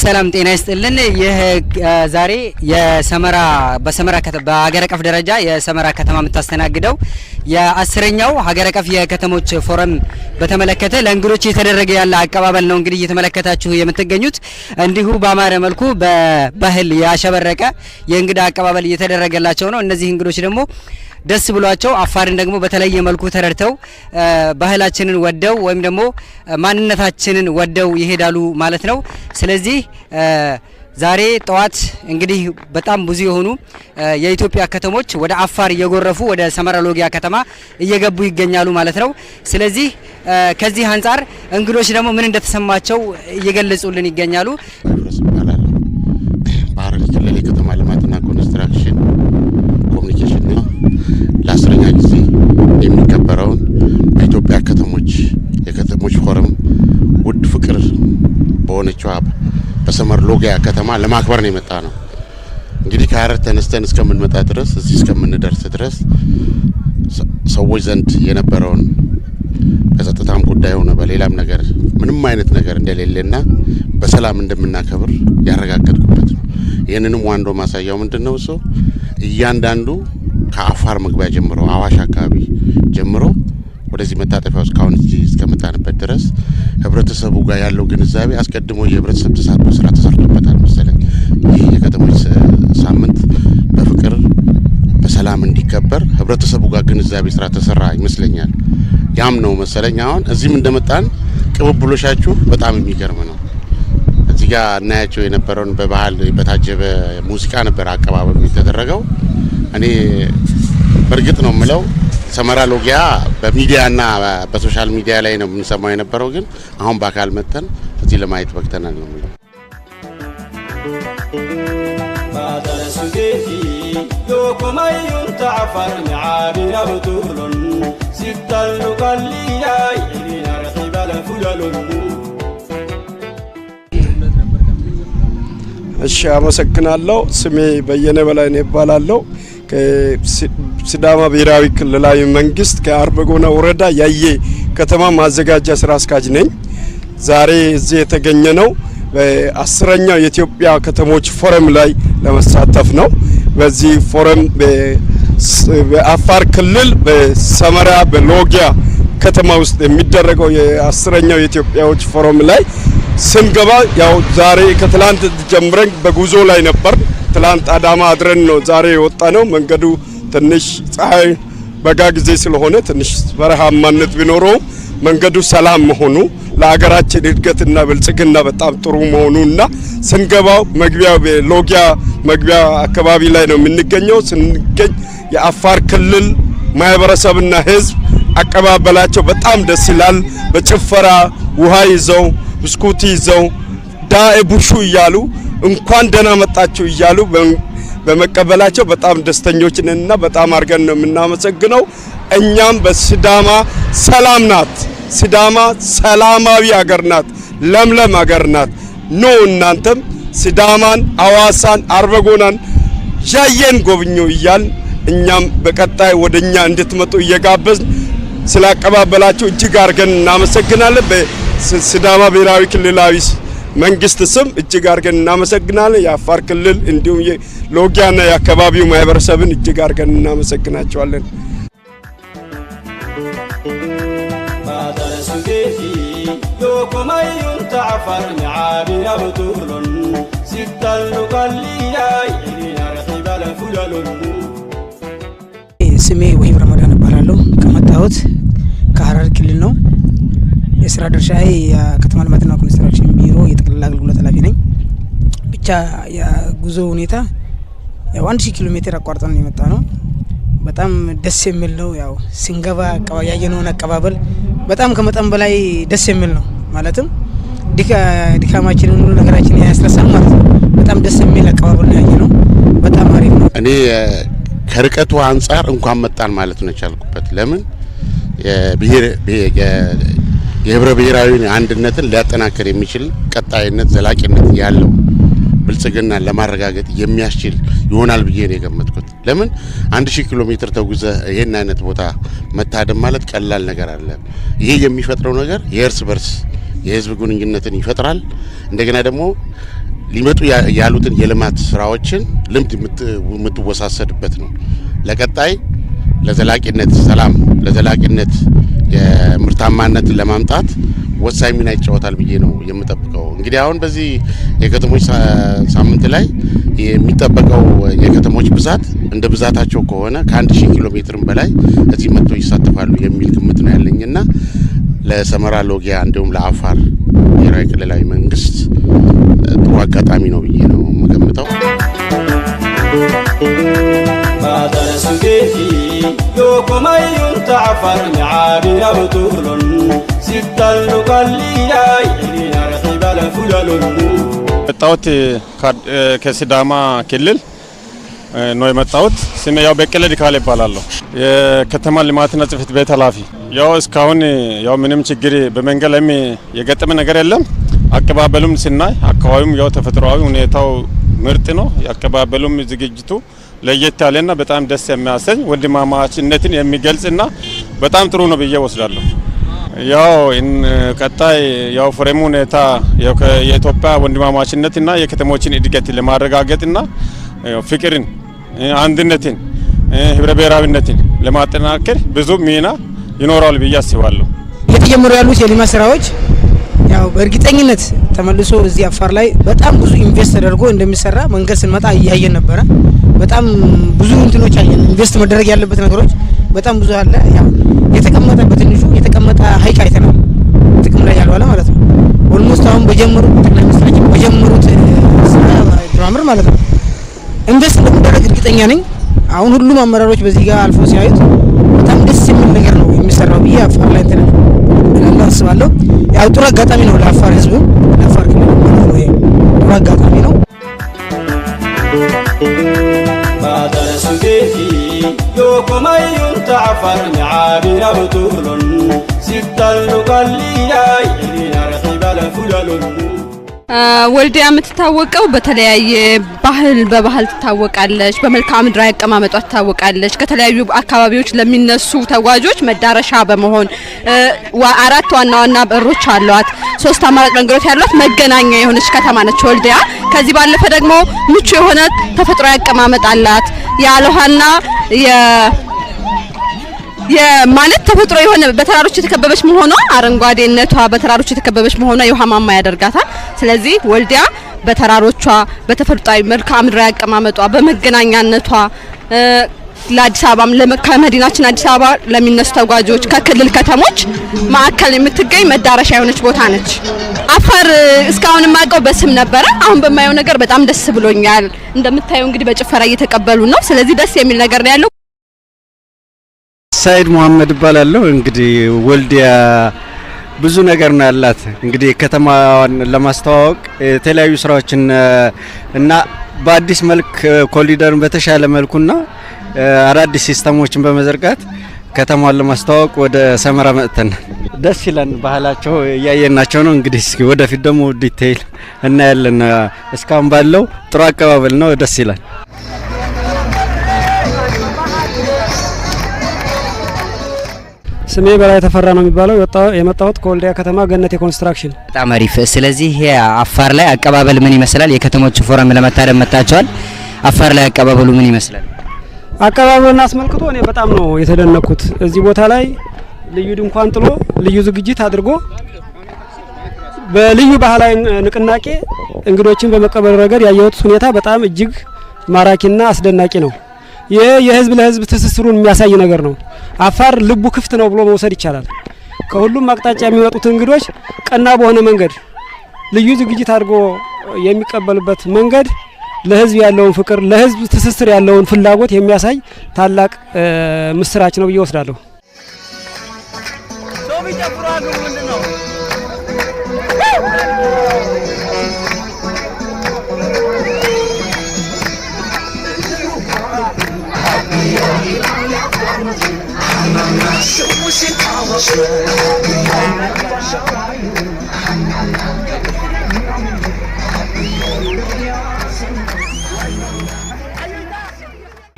ሰላም ጤና ይስጥልን። ይህ ዛሬ የሰመራ በሰመራ በሀገር አቀፍ ደረጃ የሰመራ ከተማ የምታስተናግደው የአስረኛው ሀገር አቀፍ የከተሞች ፎረም በተመለከተ ለእንግዶች እየተደረገ ያለ አቀባበል ነው እንግዲህ እየተመለከታችሁ የምትገኙት። እንዲሁ በአማረ መልኩ በባህል ያሸበረቀ የእንግዳ አቀባበል እየተደረገላቸው ነው። እነዚህ እንግዶች ደግሞ ደስ ብሏቸው አፋርን ደግሞ በተለየ መልኩ ተረድተው ባህላችንን ወደው ወይም ደግሞ ማንነታችንን ወደው ይሄዳሉ ማለት ነው። ስለዚህ ዛሬ ጠዋት እንግዲህ በጣም ብዙ የሆኑ የኢትዮጵያ ከተሞች ወደ አፋር እየጎረፉ ወደ ሰመራ ሎጊያ ከተማ እየገቡ ይገኛሉ ማለት ነው። ስለዚህ ከዚህ አንጻር እንግዶች ደግሞ ምን እንደተሰማቸው እየገለጹልን ይገኛሉ። በሰመር ሎጊያ ከተማ ለማክበር ነው የመጣ ነው። እንግዲህ ከሀረር ተነስተን እስከምንመጣ ድረስ እዚህ እስከምንደርስ ድረስ ሰዎች ዘንድ የነበረውን በጸጥታም ጉዳይ ሆነ በሌላም ነገር ምንም አይነት ነገር እንደሌለና በሰላም እንደምናከብር ያረጋገጥኩበት ነው። ይህንንም ዋንዶ ማሳያው ምንድን ነው? እሱ እያንዳንዱ ከአፋር መግቢያ ጀምሮ አዋሽ አካባቢ ጀምሮ ወደዚህ መታጠፊያ ውስጥ ካሁን እስከመጣንበት ድረስ ህብረተሰቡ ጋር ያለው ግንዛቤ አስቀድሞ የህብረተሰብ ተሳትፎ ስራ ተሰርቶበታል መሰለኝ። ይህ የከተሞች ሳምንት በፍቅር በሰላም እንዲከበር ህብረተሰቡ ጋር ግንዛቤ ስራ ተሰራ ይመስለኛል። ያም ነው መሰለኝ አሁን እዚህም እንደመጣን ቅብብሎሻችሁ በጣም የሚገርም ነው። እዚህ ጋር እናያቸው የነበረውን በባህል በታጀበ ሙዚቃ ነበር አቀባበሉ የተደረገው እኔ በእርግጥ ነው የምለው ሰመራ ሎጊያ በሚዲያና በሶሻል ሚዲያ ላይ ነው የምንሰማው የነበረው፣ ግን አሁን በአካል መጥተን እዚህ ለማየት በቅተናል ነው የሚለው እሺ አመሰግናለሁ። ስሜ በየነ በላይ ነው ይባላለሁ። ከሲዳማ ብሔራዊ ክልላዊ መንግስት ከአርበጎና ወረዳ ያየ ከተማ ማዘጋጃ ስራ አስኪያጅ ነኝ። ዛሬ እዚህ የተገኘ ነው በአስረኛው የኢትዮጵያ ከተሞች ፎረም ላይ ለመሳተፍ ነው። በዚህ ፎረም በአፋር ክልል በሰመራ በሎጊያ ከተማ ውስጥ የሚደረገው የአስረኛው የኢትዮጵያዎች ፎረም ላይ ስንገባ ያው ዛሬ ከትላንት ጀምረን በጉዞ ላይ ነበር። ትላንት አዳማ አድረን ነው ዛሬ የወጣ ነው። መንገዱ ትንሽ ፀሐይ በጋ ጊዜ ስለሆነ ትንሽ በረሃማነት ቢኖረው መንገዱ ሰላም መሆኑ ለሀገራችን እድገትና ብልጽግና በጣም ጥሩ መሆኑ እና ስንገባው መግቢያ ሎጊያ መግቢያ አካባቢ ላይ ነው የምንገኘው። ስንገኝ የአፋር ክልል ማህበረሰብና ህዝብ አቀባበላቸው በጣም ደስ ይላል። በጭፈራ ውሃ ይዘው ብስኩት ይዘው ዳኤ ቡሹ እያሉ እንኳን ደህና መጣችሁ እያሉ በመቀበላቸው በጣም ደስተኞች ነንና በጣም አድርገን ነው የምናመሰግነው። እኛም በሲዳማ ሰላም ናት፣ ሲዳማ ሰላማዊ አገር ናት፣ ለምለም አገር ናት። ኖ እናንተም ሲዳማን፣ አዋሳን፣ አርበጎናን ያየን ጎብኙ እያል እኛም በቀጣይ ወደ እኛ እንድትመጡ እየጋበዝን ስላቀባበላችሁ እጅግ አድርገን እናመሰግናለን። በሲዳማ ብሔራዊ ክልላዊ መንግስት ስም እጅግ አድርገን እናመሰግናለን። የአፋር ክልል እንዲሁም የሎጊያና የአካባቢው ማህበረሰብን እጅግ አድርገን እናመሰግናቸዋለን። ስሜ ወሂብ ረመዳን እባላለሁ። ከመጣሁት ከሀረር ክልል ነው። የስራ ድርሻዬ የከተማ ልማትና ኮንስትራክሽን ቢሮ የጠቅላላ አገልግሎት ኃላፊ ነኝ። ብቻ የጉዞ ሁኔታ ያው አንድ ሺህ ኪሎ ሜትር አቋርጠን የመጣ ነው። በጣም ደስ የሚል ነው። ያው ስንገባ ያየነውን አቀባበል በጣም ከመጠን በላይ ደስ የሚል ነው። ማለትም ድካማችንን ሁሉ ነገራችን ያስረሳል ማለት ነው። በጣም ደስ የሚል አቀባበል ነው ነው። በጣም አሪፍ ነው። እኔ ከርቀቱ አንጻር እንኳን መጣን ማለት ነው የቻልኩበት ለምን የህብረ ብሔራዊ አንድነትን ሊያጠናክር የሚችል ቀጣይነት፣ ዘላቂነት ያለው ብልጽግና ለማረጋገጥ የሚያስችል ይሆናል ብዬ ነው የገመትኩት። ለምን አንድ ሺህ ኪሎ ሜትር ተጉዘ ይህን አይነት ቦታ መታደም ማለት ቀላል ነገር አለ። ይሄ የሚፈጥረው ነገር የእርስ በርስ የህዝብ ግንኙነትን ይፈጥራል። እንደገና ደግሞ ሊመጡ ያሉትን የልማት ስራዎችን ልምድ የምትወሳሰድበት ነው። ለቀጣይ ለዘላቂነት ሰላም ለዘላቂነት የምርታማነትን ለማምጣት ወሳኝ ሚና ይጫወታል ብዬ ነው የምጠብቀው። እንግዲህ አሁን በዚህ የከተሞች ሳምንት ላይ የሚጠበቀው የከተሞች ብዛት እንደ ብዛታቸው ከሆነ ከአንድ ሺህ ኪሎ ሜትርም በላይ እዚህ መጥቶ ይሳተፋሉ የሚል ግምት ነው ያለኝ እና ለሰመራ ሎጊያ እንዲሁም ለአፋር ብሔራዊ ክልላዊ መንግስት ጥሩ አጋጣሚ ነው ብዬ ነው የምገምተው። Maatansugeetii yookuma መጣሁት ከሲዳማ ክልል ነው የመጣሁት። ስሜ ያው በቀለ ዲካላ ይባላለሁ። የከተማ ልማትና ጽሕፈት ቤት ኃላፊ። ያው እስካሁን ያው ምንም ችግር በመንገድ ላይም የገጠመ ነገር የለም። አቀባበሉም ስናይ አካባቢውም ያው ተፈጥሯዊ ሁኔታው ምርጥ ነው። ያቀባበሉም ዝግጅቱ ለየት ያለና በጣም ደስ የሚያሰኝ ወንድማማችነትን የሚገልጽና በጣም ጥሩ ነው ብዬ ወስዳለሁ። ያው ቀጣይ ያው ፍሬም ሁኔታ የኢትዮጵያ ወንድማማችነትና የከተሞችን እድገት ለማረጋገጥና ፍቅርን፣ አንድነትን፣ ህብረ ብሔራዊነትን ለማጠናከር ብዙ ሚና ይኖራል ብዬ አስባለሁ። እየተጀመሩ ያሉት የልማት ስራዎች ያው በእርግጠኝነት ተመልሶ እዚህ አፋር ላይ በጣም ብዙ ኢንቨስት ተደርጎ እንደሚሰራ መንገድ ስንመጣ እያየን ነበረ። በጣም ብዙ እንትኖች አየን። ኢንቨስት መደረግ ያለበት ነገሮች በጣም ብዙ አለ። የተቀመጠ በትንሹ የተቀመጠ ሀይቅ አይተናል፣ ጥቅም ላይ ያልዋለ ማለት ነው። ኦልሞስት አሁን በጀመሩት ጠቅላይ ሚኒስትራችን በጀመሩት ድራምር ማለት ነው ኢንቨስት እንደሚደረግ እርግጠኛ ነኝ። አሁን ሁሉም አመራሮች በዚህ ጋር አልፎ ሲያዩት በጣም ደስ የሚል ነገር ነው የሚሰራው ብዬ አፋር ላይ አስባለሁ። ያው ጥሩ አጋጣሚ ነው ለአፋር ህዝብ፣ ለአፋር ክልል ይሄ ጥሩ አጋጣሚ ነው። ستة لقلي يا إلينا رقيب لفلل ወልዲያ የምትታወቀው በተለያየ ባህል በባህል ትታወቃለች። በመልክዓ ምድራዊ አቀማመጧ ትታወቃለች። ከተለያዩ አካባቢዎች ለሚነሱ ተጓዦች መዳረሻ በመሆን አራት ዋና ዋና በሮች አሏት። ሶስት አማራጭ መንገዶች ያሏት መገናኛ የሆነች ከተማ ነች ወልዲያ። ከዚህ ባለፈ ደግሞ ምቹ የሆነ ተፈጥሯዊ አቀማመጥ አላት። የአለኋና የማለት ተፈጥሮ የሆነ በተራሮች የተከበበች መሆኗ አረንጓዴነቷ በተራሮች የተከበበች መሆኗ የውሃ ማማ ያደርጋታል። ስለዚህ ወልዲያ በተራሮቿ በተፈጥሯዊ መልክዓ ምድራዊ አቀማመጧ በመገናኛነቷ ለአዲስ አበባም ከመዲናችን አዲስ አበባ ለሚነሱ ተጓዦች ከክልል ከተሞች ማዕከል የምትገኝ መዳረሻ የሆነች ቦታ ነች። አፋር እስካሁን የማውቀው በስም ነበረ። አሁን በማየው ነገር በጣም ደስ ብሎኛል። እንደምታየው እንግዲህ በጭፈራ እየተቀበሉ ነው። ስለዚህ ደስ የሚል ነገር ነው ያለው። ሳይድ መሀመድ እባላለሁ። እንግዲህ ወልዲያ ብዙ ነገር ነው ያላት። እንግዲህ ከተማዋን ለማስተዋወቅ የተለያዩ ስራዎችን እና በአዲስ መልክ ኮሊደርን በተሻለ መልኩና አዳዲስ ሲስተሞችን በመዘርጋት ከተማዋን ለማስተዋወቅ ወደ ሰመራ መጥተን ደስ ይለን። ባህላቸው እያየናቸው ነው። እንግዲህ እስኪ ወደፊት ደግሞ ዲቴይል እናያለን። እስካሁን ባለው ጥሩ አቀባበል ነው። ደስ ይላል። ስሜ በላይ ተፈራ ነው የሚባለው። የመጣሁት ከወልዲያ ከተማ ገነት የኮንስትራክሽን። በጣም አሪፍ። ስለዚህ አፋር ላይ አቀባበል ምን ይመስላል? የከተሞች ፎረም ለመታደም መጥታችኋል። አፋር ላይ አቀባበሉ ምን ይመስላል? አቀባበሉን አስመልክቶ እኔ በጣም ነው የተደነኩት። እዚህ ቦታ ላይ ልዩ ድንኳን ጥሎ ልዩ ዝግጅት አድርጎ በልዩ ባህላዊ ንቅናቄ እንግዶችን በመቀበል ረገድ ያየሁት ሁኔታ በጣም እጅግ ማራኪና አስደናቂ ነው። ይህ የህዝብ ለህዝብ ትስስሩን የሚያሳይ ነገር ነው። አፋር ልቡ ክፍት ነው ብሎ መውሰድ ይቻላል። ከሁሉም አቅጣጫ የሚመጡት እንግዶች ቀና በሆነ መንገድ ልዩ ዝግጅት አድርጎ የሚቀበልበት መንገድ ለህዝብ ያለውን ፍቅር፣ ለህዝብ ትስስር ያለውን ፍላጎት የሚያሳይ ታላቅ ምስራች ነው ብዬ ወስዳለሁ። 休息泡泡水。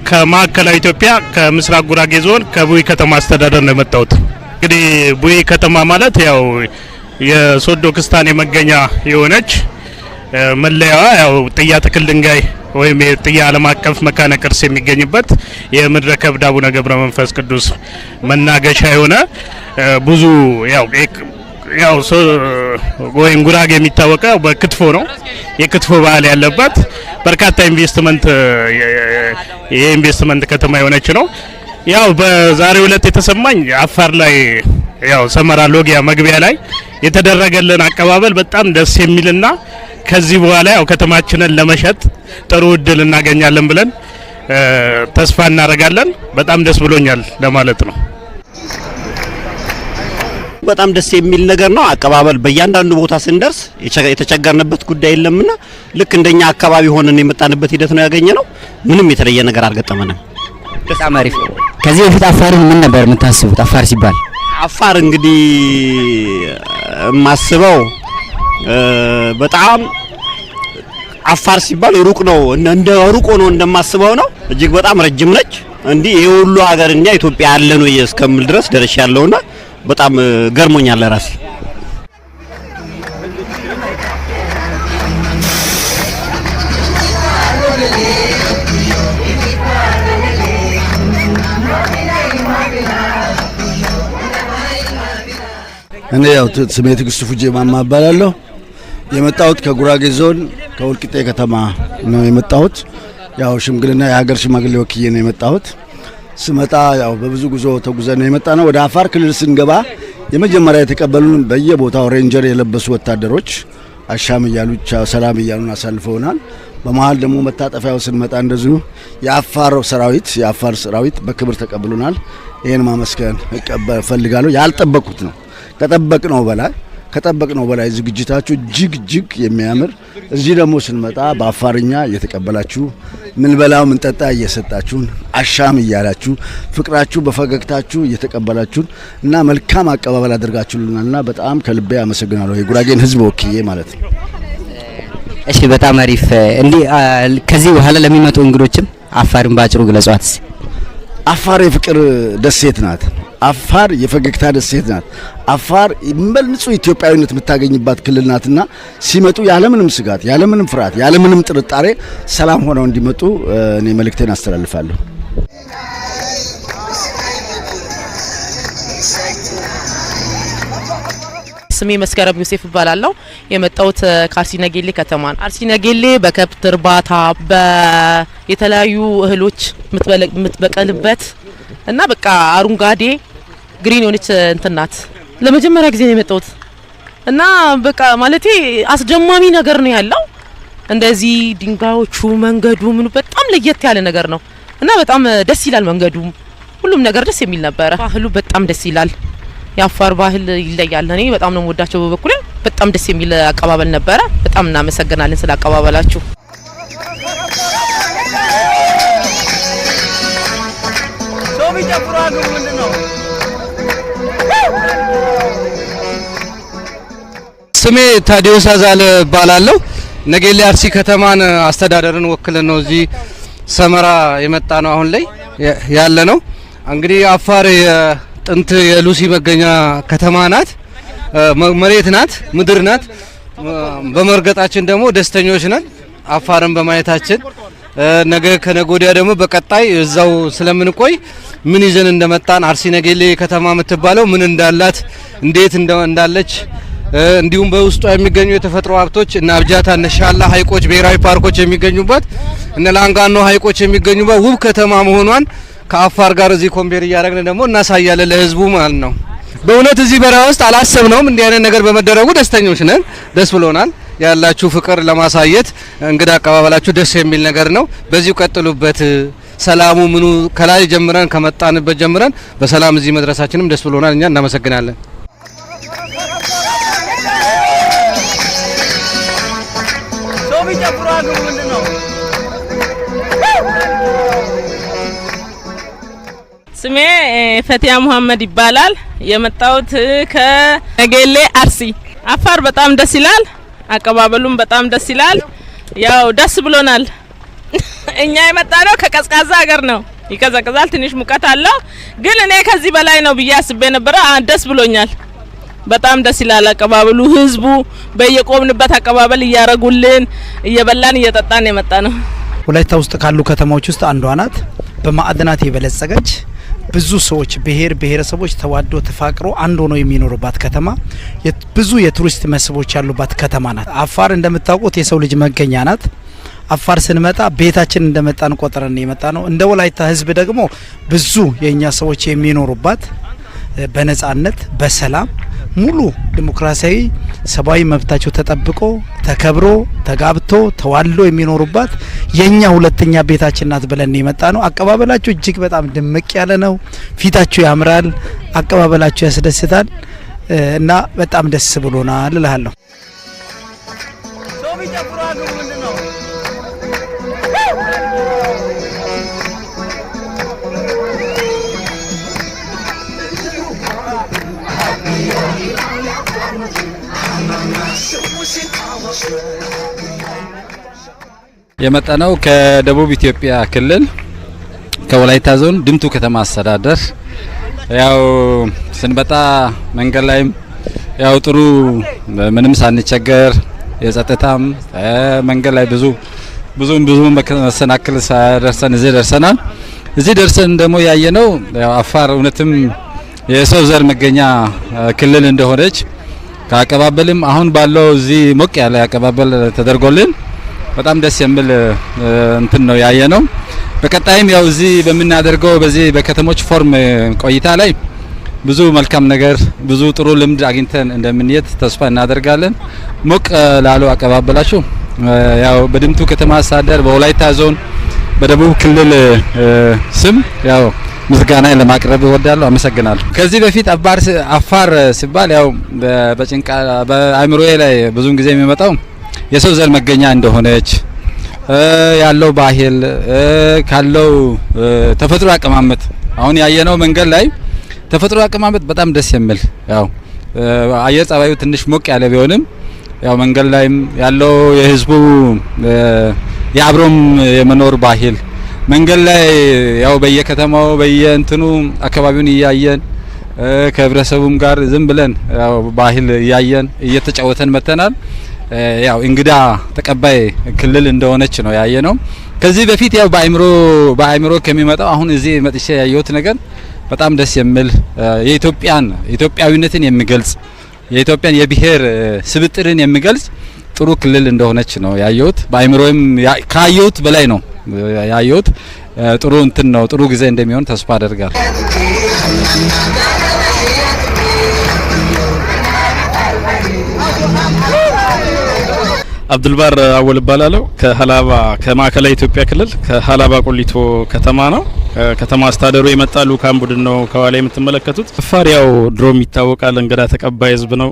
ከማዕከላዊ ኢትዮጵያ ከምስራቅ ጉራጌ ዞን ከቡይ ከተማ አስተዳደር ነው የመጣሁት። እንግዲህ ቡይ ከተማ ማለት ያው የሶዶ የመገኛ የሆነች መለያዋ ያው ጥያ ትክል ድንጋይ ወይም የጥያ ዓለም አቀፍ መካነ ቅርስ የሚገኝበት የምድረ ከብድ አቡነ ገብረ መንፈስ ቅዱስ መናገሻ የሆነ ብዙ ያው ያው ወይም ጉራጌ የሚታወቀው በክትፎ ነው። የክትፎ ባህል ያለባት በርካታ ኢንቨስትመንት የኢንቨስትመንት ከተማ የሆነች ነው። ያው በዛሬው ዕለት የተሰማኝ አፋር ላይ ያው ሰመራ ሎጊያ መግቢያ ላይ የተደረገልን አቀባበል በጣም ደስ የሚልና ከዚህ በኋላ ያው ከተማችንን ለመሸጥ ጥሩ እድል እናገኛለን ብለን ተስፋ እናደርጋለን። በጣም ደስ ብሎኛል ለማለት ነው። በጣም ደስ የሚል ነገር ነው። አቀባበል በእያንዳንዱ ቦታ ስንደርስ የተቸገርንበት ጉዳይ የለምና ልክ እንደኛ አካባቢ ሆነን የመጣንበት ሂደት ነው ያገኘ ነው። ምንም የተለየ ነገር አልገጠመንም። በጣም አሪፍ። ከዚህ በፊት አፋር ምን ነበር የምታስቡት? አፋር ሲባል አፋር እንግዲህ የማስበው በጣም አፋር ሲባል ሩቅ ነው እንደ ሩቆ ነው እንደማስበው ነው። እጅግ በጣም ረጅም ነች። እንዲህ ይሄ ሁሉ ሀገር እኛ ኢትዮጵያ ያለ ነው እስከምል ድረስ ደረሻ ያለውና በጣም ገርሞኛል ለራሴ። እኔ ያው ስሜ ትዕግስቱ ፉጄ ማማ እባላለሁ። የመጣሁት ከጉራጌ ዞን ከወልቂጤ ከተማ ነው የመጣሁት። ያው ሽምግልና የሀገር ሽማግሌ ወክዬ ነው የመጣሁት። ስመጣ ያው በብዙ ጉዞ ተጉዘን ነው የመጣ ነው። ወደ አፋር ክልል ስንገባ የመጀመሪያ የተቀበሉን በየቦታው ሬንጀር የለበሱ ወታደሮች አሻም እያሉ ሰላም እያሉን አሳልፈውናል። በመሀል ደግሞ መታጠፊያው ስንመጣ እንደዚሁ የአፋር ሰራዊት የአፋር ሰራዊት በክብር ተቀብሉናል። ይህን ማመስገን እፈልጋለሁ። ያልጠበቁት ነው ከጠበቅነው በላይ ከጠበቅነው በላይ ዝግጅታችሁ እጅግ እጅግ የሚያምር እዚህ ደግሞ ስንመጣ በአፋርኛ እየተቀበላችሁ ምንበላው ምንጠጣ እየሰጣችሁን አሻም እያላችሁ ፍቅራችሁ በፈገግታችሁ እየተቀበላችሁን እና መልካም አቀባበል አድርጋችሁልናልና በጣም ከልቤ አመሰግናለሁ። የጉራጌን ህዝብ ወክዬ ማለት ነው። እሺ፣ በጣም አሪፍ። እንዲህ ከዚህ በኋላ ለሚመጡ እንግዶችም አፋርን በአጭሩ ግለጿት። አፋር የፍቅር ደሴት ናት። አፋር የፈገግታ ደሴት ናት። አፋር ንጹህ ኢትዮጵያዊነት የምታገኝባት ክልል ናትና ሲመጡ ያለምንም ስጋት፣ ያለምንም ፍርሃት፣ ያለምንም ጥርጣሬ ሰላም ሆነው እንዲመጡ እኔ መልእክቴን አስተላልፋለሁ። ስሜ መስከረም ዮሴፍ እባላለሁ። የመጣሁት ከአርሲነጌሌ ከተማ ነው። አርሲነጌሌ በከብት እርባታ የተለያዩ እህሎች የምትበቀልበት እና በቃ አረንጓዴ ግሪን የሆነች እንትናት ናት። ለመጀመሪያ ጊዜ ነው የመጣሁት እና በቃ ማለቴ አስደማሚ ነገር ነው ያለው። እንደዚህ ድንጋዮቹ፣ መንገዱ ምኑ በጣም ለየት ያለ ነገር ነው እና በጣም ደስ ይላል። መንገዱም ሁሉም ነገር ደስ የሚል ነበረ። ባህሉ በጣም ደስ ይላል። የአፋር ባህል ይለያል። እኔ በጣም ነው የምወዳቸው በበኩሌ። በጣም ደስ የሚል አቀባበል ነበረ። በጣም እናመሰግናለን ስለ አቀባበላችሁ። ስሜ ታዲዮስ አዛል እባላለሁ። ነገሌ አርሲ ከተማን አስተዳደርን ወክለን ነው እዚህ ሰመራ የመጣ ነው አሁን ላይ ያለ ነው እንግዲህ አፋር ጥንት የሉሲ መገኛ ከተማ ናት፣ መሬት ናት፣ ምድር ናት። በመርገጣችን ደግሞ ደስተኞች ነን። አፋርን በማየታችን ነገ ከነጎዲያ ደግሞ በቀጣይ እዛው ስለምንቆይ ምን ይዘን እንደመጣን አርሲ ነገሌ ከተማ የምትባለው ምን እንዳላት እንዴት እንዳለች እንዲሁም በውስጧ የሚገኙ የተፈጥሮ ሀብቶች እነ አብጃታ እነ ሻላ ሀይቆች ብሔራዊ ፓርኮች የሚገኙበት እነ ላንጋኖ ሀይቆች የሚገኙበት ውብ ከተማ መሆኗን ከአፋር ጋር እዚህ ኮምፔር እያደረግን ደግሞ እናሳያለን ለህዝቡ ማለት ነው። በእውነት እዚህ በረሃ ውስጥ አላሰብነውም። እንዲህ አይነት ነገር በመደረጉ ደስተኞች ነን፣ ደስ ብሎናል። ያላችሁ ፍቅር ለማሳየት እንግዳ አቀባበላችሁ ደስ የሚል ነገር ነው። በዚሁ ቀጥሉበት። ሰላሙ ምኑ ከላይ ጀምረን ከመጣንበት ጀምረን በሰላም እዚህ መድረሳችንም ደስ ብሎናል። እኛ እናመሰግናለን። ሰው ስሜ ፈቲያ ሙሀመድ ይባላል። የመጣሁት ከነጌሌ አርሲ አፋር። በጣም ደስ ይላል። አቀባበሉም በጣም ደስ ይላል። ያው ደስ ብሎናል። እኛ የመጣ ነው ከቀዝቃዛ ሀገር ነው። ይቀዘቅዛል፣ ትንሽ ሙቀት አለው። ግን እኔ ከዚህ በላይ ነው ብዬ አስቤ ነበረ። ደስ ብሎኛል። በጣም ደስ ይላል አቀባበሉ። ህዝቡ በየቆምንበት አቀባበል እያረጉልን፣ እየበላን እየጠጣን የመጣ ነው። ወላይታ ውስጥ ካሉ ከተሞች ውስጥ አንዷ ናት። በማዕድናት የበለጸገች ብዙ ሰዎች ብሄር ብሄረሰቦች ተዋዶ ተፋቅሮ አንድ ሆኖ የሚኖሩባት ከተማ፣ ብዙ የቱሪስት መስህቦች ያሉባት ከተማ ናት። አፋር እንደምታውቁት የሰው ልጅ መገኛ ናት። አፋር ስንመጣ ቤታችን እንደመጣን ቆጥረን የመጣ ነው። እንደ ወላይታ ህዝብ ደግሞ ብዙ የእኛ ሰዎች የሚኖሩባት በነጻነት በሰላም ሙሉ ዲሞክራሲያዊ ሰብአዊ መብታቸው ተጠብቆ ተከብሮ ተጋብቶ ተዋሎ የሚኖሩባት የኛ ሁለተኛ ቤታችን ናት ብለን የመጣ ነው። አቀባበላቸው እጅግ በጣም ድምቅ ያለ ነው። ፊታቸው ያምራል፣ አቀባበላቸው ያስደስታል እና በጣም ደስ ብሎናል እልሃለሁ። የመጣነው ከደቡብ ኢትዮጵያ ክልል ከወላይታ ዞን ድምቱ ከተማ አስተዳደር ያው ስንበጣ መንገድ ላይም ያው ጥሩ ምንም ሳንቸገር የጸጥታም መንገድ ላይ ብዙ ብዙም ብዙ መሰናክል ሳደርሰን እዚህ ደርሰናል። እዚህ ደርሰን ደግሞ ያየነው ያው አፋር እውነትም የሰው ዘር መገኛ ክልል እንደሆነች ከአቀባበልም አሁን ባለው እዚህ ሞቅ ያለ አቀባበል ተደርጎልን በጣም ደስ የሚል እንትን ነው ያየ ነው። በቀጣይም ያው እዚህ በምናደርገው በዚህ በከተሞች ፎርም ቆይታ ላይ ብዙ መልካም ነገር ብዙ ጥሩ ልምድ አግኝተን እንደምንየት ተስፋ እናደርጋለን። ሞቅ ላሉ አቀባበላችሁ ያው በድምቱ ከተማ አስተዳደር በወላይታ ዞን በደቡብ ክልል ስም ያው ምስጋና ለማቅረብ እወዳለሁ። አመሰግናለሁ። ከዚህ በፊት አፋር አፋር ሲባል ያው በጭንቃ በአእምሮዬ ላይ ብዙውን ጊዜ የሚመጣው የሰው ዘር መገኛ እንደሆነች ያለው ባህል ካለው ተፈጥሮ አቀማመጥ አሁን ያየነው መንገድ ላይ ተፈጥሮ አቀማመጥ በጣም ደስ የሚል ያው አየር ጸባዩ ትንሽ ሞቅ ያለ ቢሆንም ያው መንገድ ላይም ያለው የህዝቡ የአብሮም የመኖር ባህል መንገድ ላይ ያው በየከተማው በየእንትኑ አካባቢውን እያየን ከህብረተሰቡም ጋር ዝም ብለን ያው ባህል እያየን እየተጫወተን መተናል። ያው እንግዳ ተቀባይ ክልል እንደሆነች ነው ያየ ነው። ከዚህ በፊት ያው በአእምሮ በአእምሮ ከሚመጣው አሁን እዚህ መጥቼ ያየሁት ነገር በጣም ደስ የሚል የኢትዮጵያን ኢትዮጵያዊነትን የሚገልጽ የኢትዮጵያን የብሔር ስብጥርን የሚገልጽ ጥሩ ክልል እንደሆነች ነው ያየሁት። በአእምሮም ካየሁት በላይ ነው ያዩት ጥሩ እንትን ነው፣ ጥሩ ጊዜ እንደሚሆን ተስፋ አደርጋል። አብዱልባር አወል እባላለሁ። ከሀላባ ከማዕከላዊ ኢትዮጵያ ክልል ከሀላባ ቆሊቶ ከተማ ነው። ከተማ አስተዳደሩ የመጣ ልኡካን ቡድን ነው ከኋላ የምትመለከቱት። ፋሪያው ድሮም ይታወቃል፣ እንግዳ ተቀባይ ህዝብ ነው።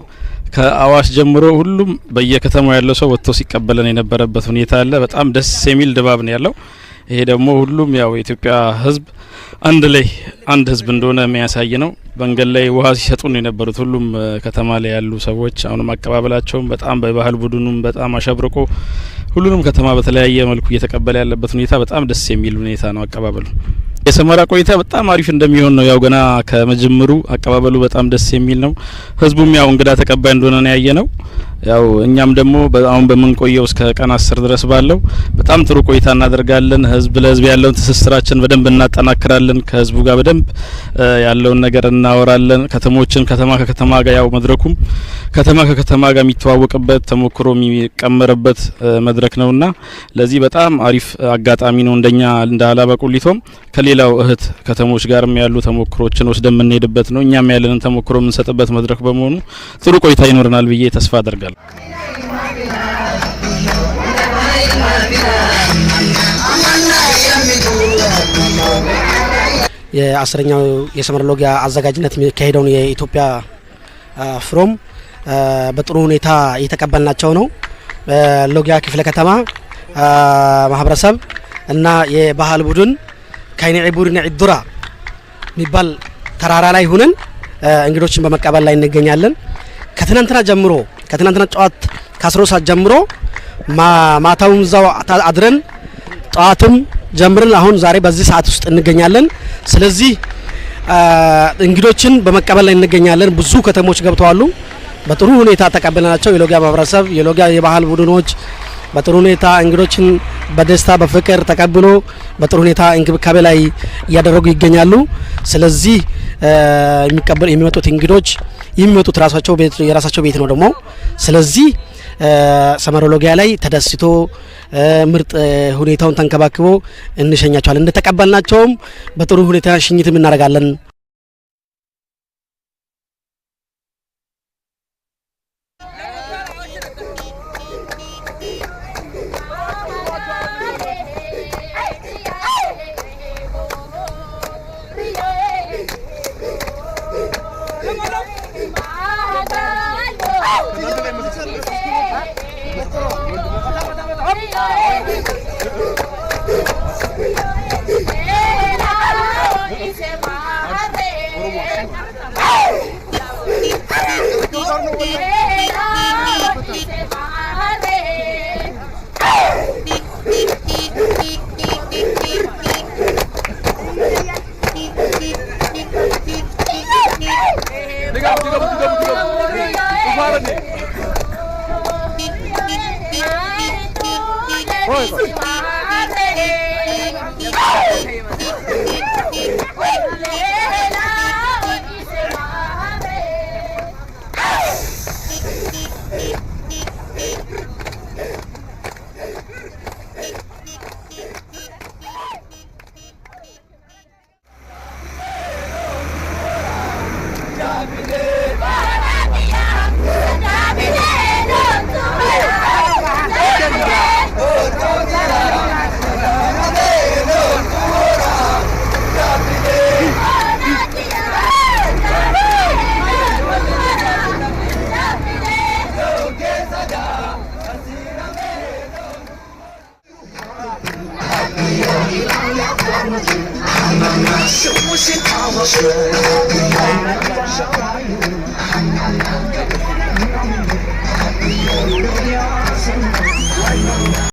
ከአዋሽ ጀምሮ ሁሉም በየከተማው ያለው ሰው ወጥቶ ሲቀበለን የነበረበት ሁኔታ አለ። በጣም ደስ የሚል ድባብ ነው ያለው። ይሄ ደግሞ ሁሉም ያው የኢትዮጵያ ህዝብ አንድ ላይ አንድ ህዝብ እንደሆነ የሚያሳይ ነው። መንገድ ላይ ውሃ ሲሰጡን የነበሩት ሁሉም ከተማ ላይ ያሉ ሰዎች አሁንም አቀባበላቸውም በጣም በባህል ቡድኑም በጣም አሸብርቆ ሁሉንም ከተማ በተለያየ መልኩ እየተቀበለ ያለበት ሁኔታ በጣም ደስ የሚል ሁኔታ ነው። አቀባበሉ የሰመራ ቆይታ በጣም አሪፍ እንደሚሆን ነው ያው ገና ከመጀመሩ አቀባበሉ በጣም ደስ የሚል ነው። ህዝቡም ያው እንግዳ ተቀባይ እንደሆነ ነው ያየ ነው። ያው እኛም ደግሞ አሁን በምንቆየው እስከ ቀን አስር ድረስ ባለው በጣም ጥሩ ቆይታ እናደርጋለን። ህዝብ ለህዝብ ያለውን ትስስራችን በደንብ እናጠናክራለን። እንመካከራለን። ከህዝቡ ጋር በደንብ ያለውን ነገር እናወራለን። ከተሞችን ከተማ ከከተማ ጋር ያው መድረኩም ከተማ ከከተማ ጋር የሚተዋወቅበት ተሞክሮ የሚቀመርበት መድረክ ነውና ለዚህ በጣም አሪፍ አጋጣሚ ነው። እንደኛ እንደ ሀላባ ቁሊቶም ከሌላው እህት ከተሞች ጋርም ያሉ ተሞክሮችን ወስደን የምንሄድበት ነው። እኛም ያለንን ተሞክሮ የምንሰጥበት መድረክ በመሆኑ ጥሩ ቆይታ ይኖረናል ብዬ ተስፋ አደርጋለሁ። የአስረኛው የሰመር ሎጊያ አዘጋጅነት የሚካሄደውን የኢትዮጵያ ፍሮም በጥሩ ሁኔታ እየተቀበልናቸው ነው። ሎጊያ ክፍለ ከተማ ማህበረሰብ እና የባህል ቡድን ከይኔ ቡድን ዒዱራ የሚባል ተራራ ላይ ሁነን እንግዶችን በመቀበል ላይ እንገኛለን። ከትናንትና ጀምሮ ከትናንትና ጠዋት ከአስሮ ሰዓት ጀምሮ ማታውም እዛው አድረን ጠዋትም ጀምረን አሁን ዛሬ በዚህ ሰዓት ውስጥ እንገኛለን። ስለዚህ እንግዶችን በመቀበል ላይ እንገኛለን። ብዙ ከተሞች ገብተዋሉ። በጥሩ ሁኔታ ተቀብለናቸው የሎጊያ ማህበረሰብ፣ የሎጊያ የባህል ቡድኖች በጥሩ ሁኔታ እንግዶችን በደስታ በፍቅር ተቀብሎ በጥሩ ሁኔታ እንክብካቤ ላይ እያደረጉ ይገኛሉ። ስለዚህ የሚቀበሉ የሚመጡት እንግዶች የሚመጡት ራሳቸው ቤት የራሳቸው ቤት ነው ደግሞ ስለዚህ ሰመሮሎጊያ ላይ ተደስቶ ምርጥ ሁኔታውን ተንከባክቦ እንሸኛቸዋል። እንደተቀበልናቸውም በጥሩ ሁኔታ ሽኝትም እናደርጋለን። సార్ నువ్వు Şöyle bir